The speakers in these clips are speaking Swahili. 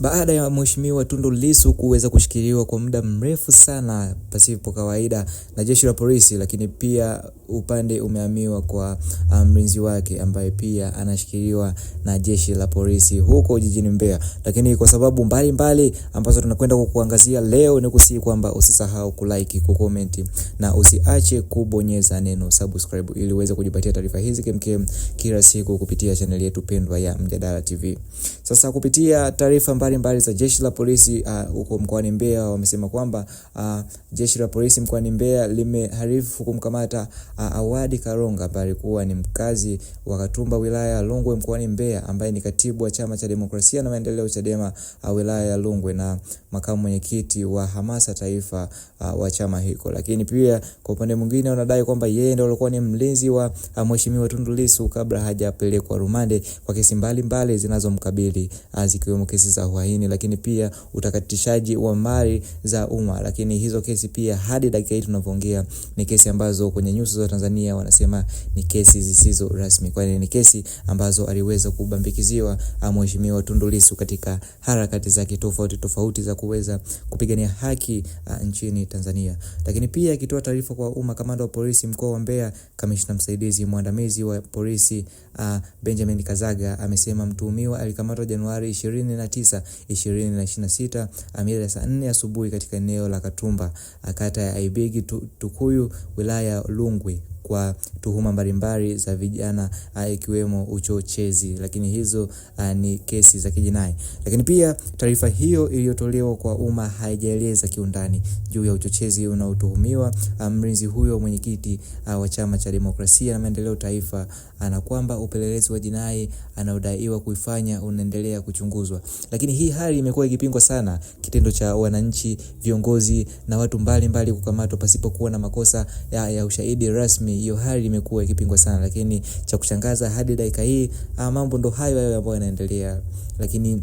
Baada ya Mheshimiwa Tundu Lissu kuweza kushikiliwa kwa muda mrefu sana pasipo kawaida na jeshi la polisi, lakini pia upande umeamiwa kwa ah, mlinzi wake ambaye pia anashikiliwa na jeshi la polisi huko jijini Mbeya. Lakini kwa sababu mbalimbali mbali ambazo tunakwenda kukuangazia leo, ni kusihi kwamba usisahau kulike, kucomment na usiache kubonyeza neno subscribe ili uweze kujipatia taarifa hizi kemkem kila siku kupitia chaneli yetu pendwa ya Mjadala TV. Sasa kupitia taarifa mbalimbali za jeshi la polisi uh, huko uh, mkoani Mbeya wamesema kwamba uh, jeshi la polisi mkoani Mbeya limeharifu kumkamata uh, Awadi Karonga ambaye alikuwa ni mkazi wa Katumba wilaya ya Lungwe mkoani Mbeya ambaye ni katibu wa Chama cha Demokrasia na Maendeleo Chadema uh, wilaya ya Lungwe na makamu mwenyekiti wa Hamasa Taifa uh, wa chama hiko. Lakini pia kwa upande mwingine wanadai kwamba yeye ndiye alikuwa ni mlinzi wa uh, mheshimiwa Tundu Lissu kabla hajapelekwa rumande kwa kesi mbalimbali zinazomkabili uh, zikiwemo kesi za uhaini, lakini pia utakatishaji wa mali za umma. Lakini hizo kesi pia hadi dakika hii tunavyoongea ni kesi ambazo kwenye nyuso za Tanzania wanasema ni kesi zisizo rasmi, kwani ni kesi ambazo aliweza kubambikiziwa mheshimiwa Tundu Lissu katika harakati zake tofauti tofauti za kuweza kupigania haki a, nchini Tanzania. Lakini pia akitoa taarifa kwa umma, kamanda wa polisi mkoa wa Mbeya, kamishna msaidizi mwandamizi wa polisi a, Benjamin Kazaga amesema mtuhumiwa alikamatwa Januari ishirini na tisa ishirini na na sita amira ya saa nne asubuhi katika eneo la Katumba, kata ya Ibigi Tukuyu, wilaya ya Lungwe kwa tuhuma mbalimbali za vijana ah, ikiwemo uchochezi, lakini hizo uh, ni kesi za kijinai. Lakini pia taarifa hiyo iliyotolewa kwa umma haijaeleza kiundani juu ya uchochezi unaotuhumiwa ah, mlinzi huyo mwenyekiti uh, wa Chama cha Demokrasia na Maendeleo Taifa, ana kwamba upelelezi wa jinai anaodaiwa kuifanya unaendelea kuchunguzwa. Lakini hii hali imekuwa ikipingwa sana, kitendo cha wananchi, viongozi na watu mbalimbali kukamatwa pasipokuwa na makosa ya, ya ushahidi rasmi hiyo hali imekuwa ikipingwa sana, lakini cha kushangaza hadi dakika hii ah, mambo ndo hayo hayo ambayo yanaendelea, lakini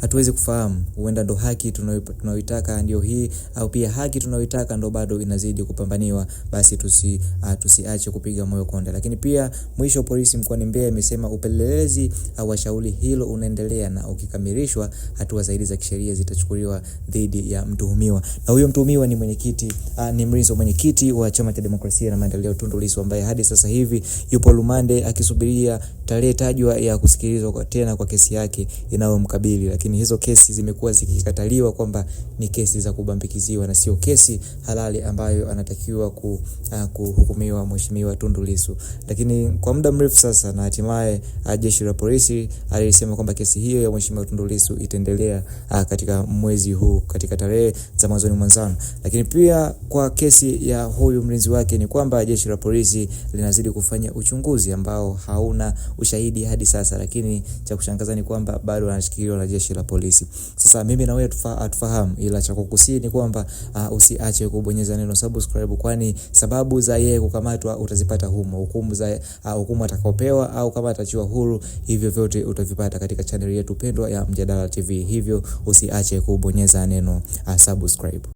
hatuwezi kufahamu. Huenda ndo haki tunayoitaka ndio hii, au pia haki tunayoitaka ndo bado inazidi kupambaniwa. Basi tusi uh, tusiache kupiga moyo konde. Lakini pia mwisho, polisi mkoani Mbeya imesema upelelezi au washauri hilo unaendelea na ukikamilishwa, hatua zaidi za kisheria zitachukuliwa dhidi ya mtuhumiwa. Na huyo mtuhumiwa ni mwenyekiti uh, ni mlinzi wa mwenyekiti wa Chama cha Demokrasia na Maendeleo Tundu Lissu ambaye hadi sasa hivi yupo lumande akisubiria tarehe tajwa ya kusikilizwa tena kwa kesi yake inayomkabili lakini hizo kesi zimekuwa zikikataliwa kwamba ni kesi za kubambikiziwa na sio kesi halali ambayo anatakiwa ku, uh, kuhukumiwa Mheshimiwa Tundu Lissu. Lakini kwa muda mrefu sasa na hatimaye uh, jeshi la polisi alisema kwamba kesi hiyo ya Mheshimiwa Tundu Lissu itaendelea uh, katika mwezi huu katika tarehe za mwanzoni mwanzano. Lakini pia kwa kesi ya huyu mlinzi wake ni kwamba jeshi la polisi linazidi kufanya uchunguzi ambao hauna ushahidi hadi sasa, lakini cha kushangaza ni kwamba bado anashikiliwa na jeshi jeshi la polisi. Sasa mimi na wewe atufahamu, ila cha kukusii ni kwamba uh, usiache kubonyeza neno subscribe, kwani sababu za yeye kukamatwa utazipata humo, hukumu za ah, hukumu atakopewa atakaopewa au kama atachiwa huru, hivyo vyote utavipata katika channel yetu pendwa ya Mjadala TV. Hivyo usiache kubonyeza neno uh, subscribe.